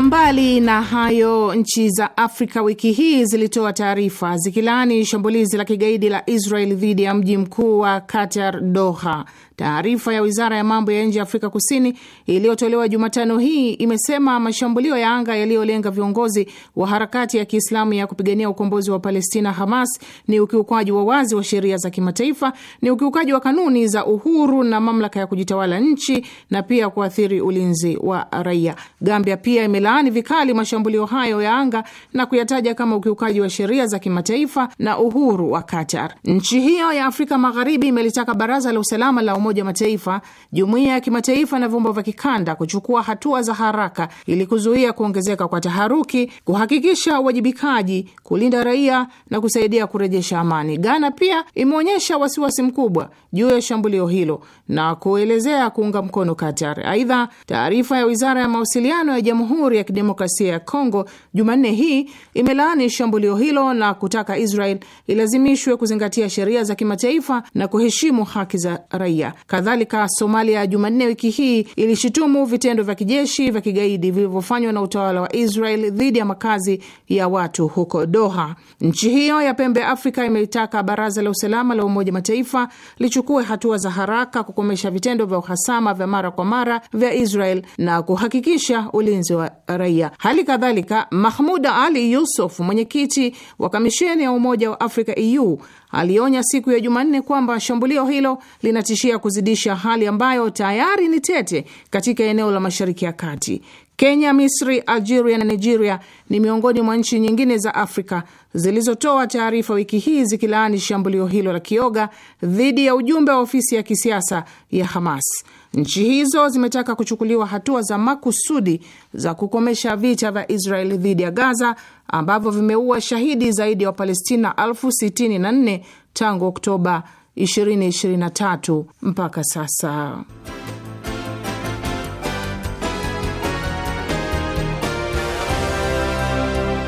Mbali na hayo, nchi za Afrika wiki hii zilitoa taarifa zikilaani shambulizi la kigaidi la Israel dhidi ya mji mkuu wa Qatar, Doha, Taarifa ya wizara ya mambo ya nje ya Afrika Kusini iliyotolewa Jumatano hii imesema mashambulio ya anga yaliyolenga viongozi wa harakati ya Kiislamu ya kupigania ukombozi wa Palestina, Hamas, ni ukiukaji wa wazi wa sheria za kimataifa, ni ukiukaji wa kanuni za uhuru na mamlaka ya kujitawala nchi na pia kuathiri ulinzi wa raia. Gambia pia imelaani vikali mashambulio hayo ya anga na kuyataja kama ukiukaji wa sheria za kimataifa na uhuru wa Qatar. Nchi hiyo ya Afrika Magharibi imelitaka Baraza la Usalama la Umoja Umoja wa Mataifa, jumuiya ya kimataifa na vyombo vya kikanda kuchukua hatua za haraka ili kuzuia kuongezeka kwa taharuki, kuhakikisha uwajibikaji, kulinda raia na kusaidia kurejesha amani. Ghana pia imeonyesha wasiwasi mkubwa juu ya shambulio hilo na kuelezea kuunga mkono Qatar. Aidha, taarifa ya wizara ya mawasiliano ya Jamhuri ya Kidemokrasia ya Kongo Jumanne hii imelaani shambulio hilo na kutaka Israel ilazimishwe kuzingatia sheria za kimataifa na kuheshimu haki za raia. Kadhalika, Somalia Jumanne wiki hii ilishutumu vitendo vya kijeshi vya kigaidi vilivyofanywa na utawala wa Israel dhidi ya makazi ya watu huko Doha. Nchi hiyo ya pembe ya Afrika imeitaka Baraza la Usalama la Umoja Mataifa lichukue hatua za haraka kukomesha vitendo vya uhasama vya mara kwa mara vya Israel na kuhakikisha ulinzi wa raia. Hali kadhalika, Mahmuda Ali Yusuf, mwenyekiti wa kamisheni ya Umoja wa Afrika EU, alionya siku ya Jumanne kwamba shambulio hilo linatishia kuzidisha hali ambayo tayari ni tete katika eneo la Mashariki ya Kati. Kenya, Misri, Algeria na Nigeria ni miongoni mwa nchi nyingine za Afrika zilizotoa taarifa wiki hii zikilaani shambulio hilo la kioga dhidi ya ujumbe wa ofisi ya kisiasa ya Hamas. Nchi hizo zimetaka kuchukuliwa hatua za makusudi za kukomesha vita vya israel dhidi ya Gaza ambavyo vimeua shahidi zaidi ya wa Wapalestina elfu sitini na nne tangu Oktoba 2023 mpaka sasa.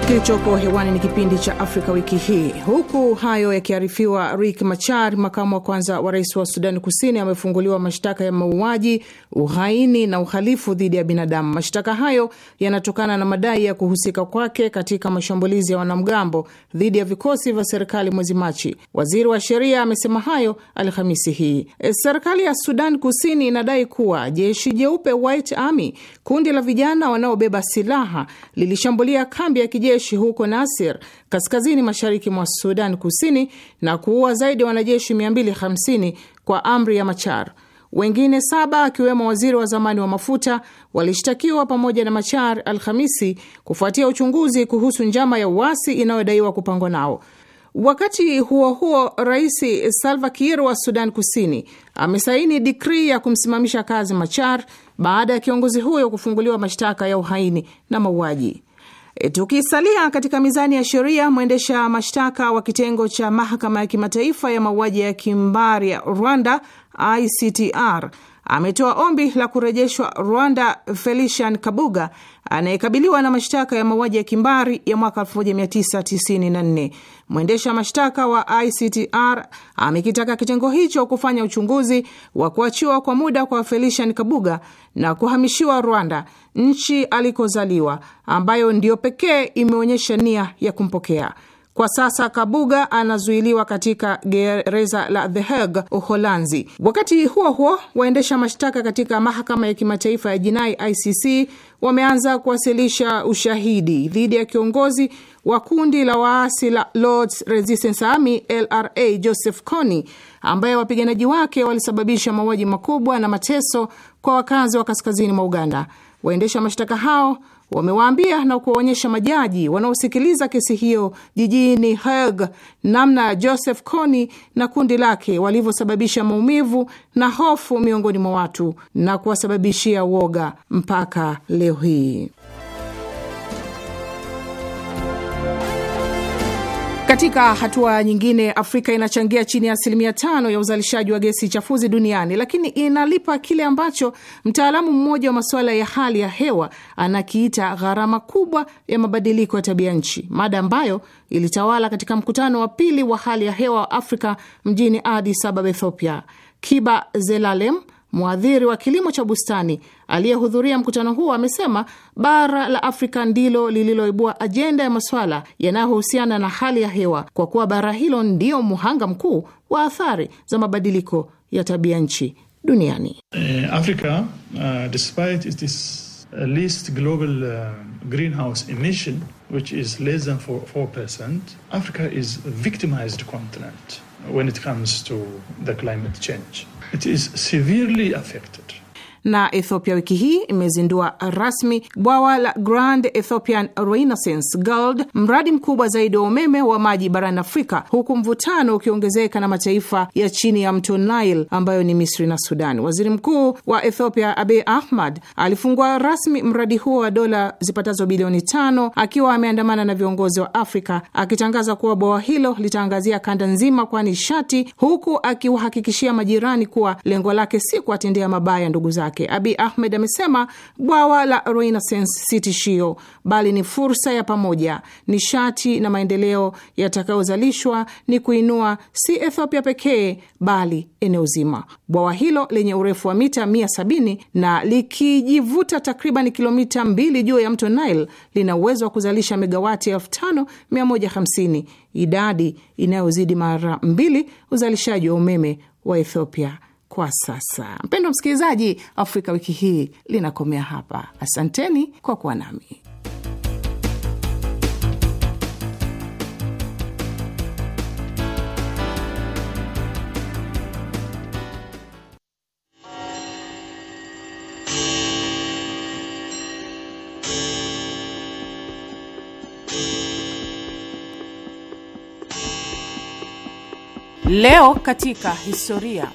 Kilichoko hewani ni kipindi cha Afrika wiki hii. Huku hayo yakiarifiwa, rik Machar, makamu wa kwanza wa rais wa Sudani Kusini, amefunguliwa mashtaka ya mauaji, uhaini na uhalifu dhidi ya binadamu. Mashtaka hayo yanatokana na madai ya kuhusika kwake katika mashambulizi ya wanamgambo dhidi ya vikosi vya serikali mwezi Machi. Waziri wa sheria amesema hayo Alhamisi hii. E, serikali ya Sudan Kusini inadai kuwa jeshi jeupe White Army, kundi la vijana wanaobeba silaha, lilishambulia kambi ya kijeshi kijeshi huko Nasir, kaskazini mashariki mwa Sudan Kusini, na kuua zaidi ya wanajeshi 250 kwa amri ya Machar. Wengine saba akiwemo waziri wa zamani wa mafuta walishtakiwa pamoja na Machar Alhamisi kufuatia uchunguzi kuhusu njama ya uasi inayodaiwa kupangwa nao. Wakati huo huo, Rais Salva Kiir wa Sudan Kusini amesaini dikrii ya kumsimamisha kazi Machar baada ya kiongozi huyo kufunguliwa mashtaka ya uhaini na mauaji. E, tukisalia katika mizani ya sheria, mwendesha mashtaka wa kitengo cha mahakama ya kimataifa ya mauaji ya kimbari ya Rwanda ICTR ametoa ombi la kurejeshwa Rwanda Felician Kabuga anayekabiliwa na mashtaka ya mauaji ya kimbari ya mwaka 1994. Mwendesha mashtaka wa ICTR amekitaka kitengo hicho kufanya uchunguzi wa kuachiwa kwa muda kwa Felician Kabuga na kuhamishiwa Rwanda, nchi alikozaliwa, ambayo ndiyo pekee imeonyesha nia ya kumpokea. Kwa sasa Kabuga anazuiliwa katika gereza la The Hague, Uholanzi. Wakati huo huo, waendesha mashtaka katika mahakama ya kimataifa ya jinai ICC wameanza kuwasilisha ushahidi dhidi ya kiongozi wa kundi la waasi la Lords Resistance Army LRA Joseph Kony ambaye wapiganaji wake walisababisha mauaji makubwa na mateso kwa wakazi wa kaskazini mwa Uganda. Waendesha mashtaka hao wamewaambia na kuwaonyesha majaji wanaosikiliza kesi hiyo jijini Hague namna ya Joseph Kony na kundi lake walivyosababisha maumivu na hofu miongoni mwa watu na kuwasababishia woga mpaka leo hii. Katika hatua nyingine, Afrika inachangia chini ya asilimia tano ya uzalishaji wa gesi chafuzi duniani, lakini inalipa kile ambacho mtaalamu mmoja wa masuala ya hali ya hewa anakiita gharama kubwa ya mabadiliko ya tabia nchi, mada ambayo ilitawala katika mkutano wa pili wa hali ya hewa wa Afrika mjini Adis Ababa, Ethiopia. Kiba Zelalem Mwadhiri wa kilimo cha bustani aliyehudhuria mkutano huo amesema bara la Afrika ndilo lililoibua ajenda ya masuala yanayohusiana na hali ya hewa kwa kuwa bara hilo ndiyo mhanga mkuu wa athari za mabadiliko ya tabia nchi duniani. Uh, Africa, uh, despite it is uh, least global uh, greenhouse emission which is less than 4%, Africa is victimized continent when it comes to the climate change. it is severely affected. na Ethiopia wiki hii imezindua rasmi bwawa la Grand Ethiopian Renaissance Gold, mradi mkubwa zaidi wa umeme wa maji barani Afrika, huku mvutano ukiongezeka na mataifa ya chini ya mto Nile ambayo ni Misri na Sudan. Waziri Mkuu wa Ethiopia Abiy Ahmed alifungua rasmi mradi huo wa dola zipatazo bilioni tano akiwa ameandamana na viongozi wa Afrika akitangaza kuwa bwawa hilo litaangazia kanda nzima kwa nishati, huku akiwahakikishia majirani kuwa lengo lake si kuwatendea mabaya ndugu zake yake. Abi Ahmed amesema bwawa la Renaissance si tishio, bali ni fursa ya pamoja. Nishati na maendeleo yatakayozalishwa ni kuinua si Ethiopia pekee, bali eneo zima. Bwawa hilo lenye urefu wa mita 170 na likijivuta takriban kilomita mbili juu ya mto Nile lina uwezo wa kuzalisha megawati 5150 idadi inayozidi mara mbili uzalishaji wa umeme wa Ethiopia kwa sasa. Mpendo msikilizaji, Afrika wiki hii linakomea hapa. Asanteni kwa kuwa nami. Leo katika historia.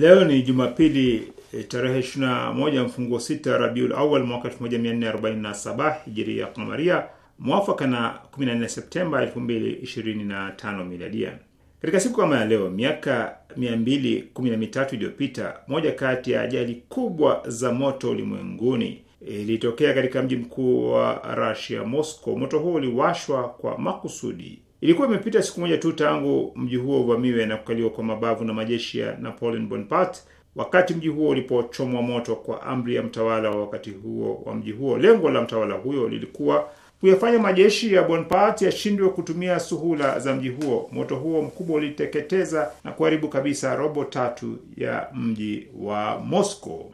Leo ni Jumapili eh, tarehe 21 mfunguo 6 Rabiul Awal mwaka 1447 hijiria kamaria mwafaka na 14 Septemba 2025 miladia. Katika siku kama ya leo miaka 213 iliyopita, moja kati ya ajali kubwa za moto ulimwenguni ilitokea katika mji mkuu wa Russia Moscow. Moto huo uliwashwa kwa makusudi Ilikuwa imepita siku moja tu tangu mji huo uvamiwe na kukaliwa kwa mabavu na majeshi ya Napoleon Bonaparte, wakati mji huo ulipochomwa moto kwa amri ya mtawala wa wakati huo wa mji huo. Lengo la mtawala huyo lilikuwa kuyafanya majeshi ya Bonaparte yashindwe kutumia suhula za mji huo. Moto huo mkubwa uliteketeza na kuharibu kabisa robo tatu ya mji wa Moscow.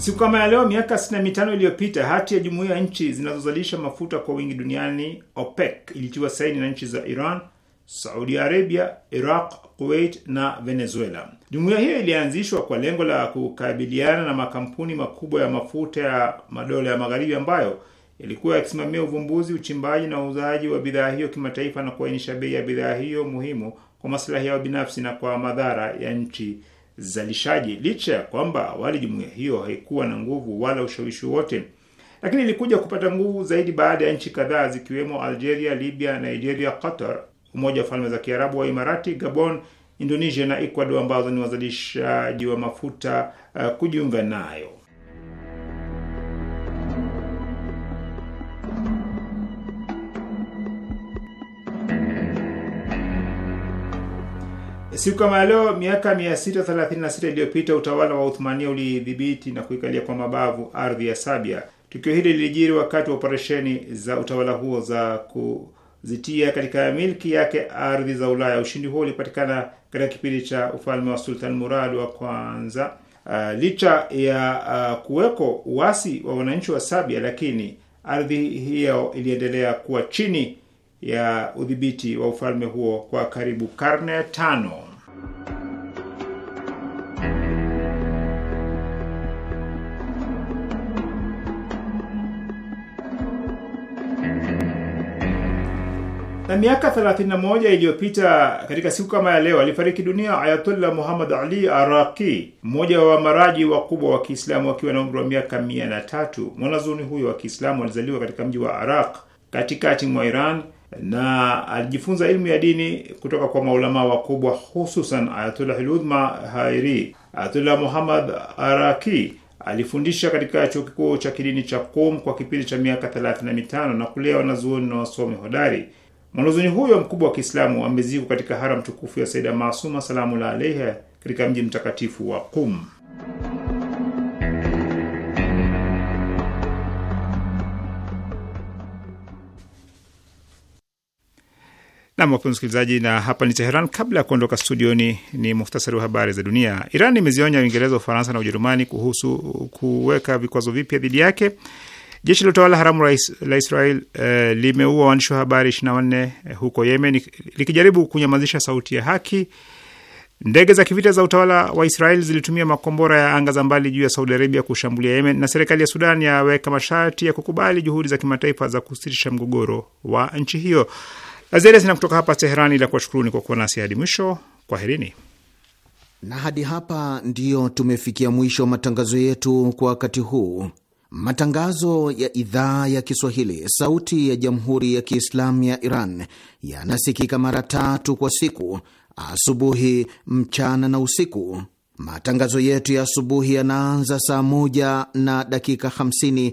Siku kama ya leo miaka 65 iliyopita hati ya jumuiya ya nchi zinazozalisha mafuta kwa wingi duniani OPEC ilitiwa saini na nchi za Iran, Saudi Arabia, Iraq, Kuwait na Venezuela. Jumuiya hiyo ilianzishwa kwa lengo la kukabiliana na makampuni makubwa ya mafuta ya madola ya magharibi ambayo yalikuwa yakisimamia uvumbuzi, uchimbaji na uuzaji wa bidhaa hiyo kimataifa na kuainisha bei ya bidhaa hiyo muhimu kwa maslahi yao binafsi na kwa madhara ya nchi uzalishaji, licha ya kwamba awali jumuiya hiyo haikuwa na nguvu wala ushawishi wote, lakini ilikuja kupata nguvu zaidi baada ya nchi kadhaa zikiwemo Algeria, Libya, Nigeria, Qatar, Umoja wa Falme za Kiarabu wa Imarati, Gabon, Indonesia na Ecuador ambazo ni wazalishaji wa mafuta uh, kujiunga nayo. Siku kama leo miaka 636 iliyopita utawala wa Uthmania ulidhibiti na kuikalia kwa mabavu ardhi ya Sabia. Tukio hili lilijiri wakati wa operesheni za utawala huo za kuzitia katika milki yake ardhi za Ulaya. Ushindi huo ulipatikana katika kipindi cha ufalme wa Sultan Murad wa kwanza. Uh, licha ya uh, kuweko uasi wa wananchi wa Sabia, lakini ardhi hiyo iliendelea kuwa chini ya udhibiti wa ufalme huo kwa karibu karne tano. Na miaka 31 iliyopita katika siku kama ya leo alifariki dunia Ayatullah Muhammad Ali Araqi, mmoja wa maraji wakubwa wa Kiislamu akiwa na umri wa miaka mia na tatu. Mwanazuoni huyo wa Kiislamu alizaliwa katika mji wa Araq katikati mwa Iran na alijifunza ilmu ya dini kutoka kwa maulama wakubwa, hususan Ayatullah Ludhma Hairi. Ayatullah Muhammad Araki alifundisha katika chuo kikuu cha kidini cha Qom kwa kipindi cha miaka 35 na kulea wanazuoni na wasomi hodari. Mwanazuoni huyo mkubwa wa Kiislamu amezikwa katika haram tukufu ya Saida Masuma salamu la alaiha katika mji mtakatifu wa Qum. Nam, wapenzi msikilizaji, na hapa ni Teheran. Kabla ya kuondoka studioni, ni muhtasari wa habari za dunia. Iran imezionya Uingereza, Ufaransa na Ujerumani kuhusu kuweka vikwazo vipya dhidi yake. Jeshi la utawala haramu la Israel eh, limeua waandishi wa habari 24 eh, huko Yemen likijaribu kunyamazisha sauti ya haki. Ndege za kivita za utawala wa Israel zilitumia makombora ya anga za mbali juu ya Saudi Arabia kushambulia Yemen. Na serikali ya Sudan yaweka masharti ya kukubali juhudi za kimataifa za kusitisha mgogoro wa nchi hiyo. Laziada sina kutoka hapa Teherani, ila kuwashukuruni kwa kuwa nasi hadi mwisho. Kwaherini. Na hadi hapa ndiyo tumefikia mwisho wa matangazo yetu kwa wakati huu. Matangazo ya idhaa ya Kiswahili, sauti ya jamhuri ya kiislamu ya Iran yanasikika mara tatu kwa siku: asubuhi, mchana na usiku. Matangazo yetu ya asubuhi yanaanza saa moja na dakika 5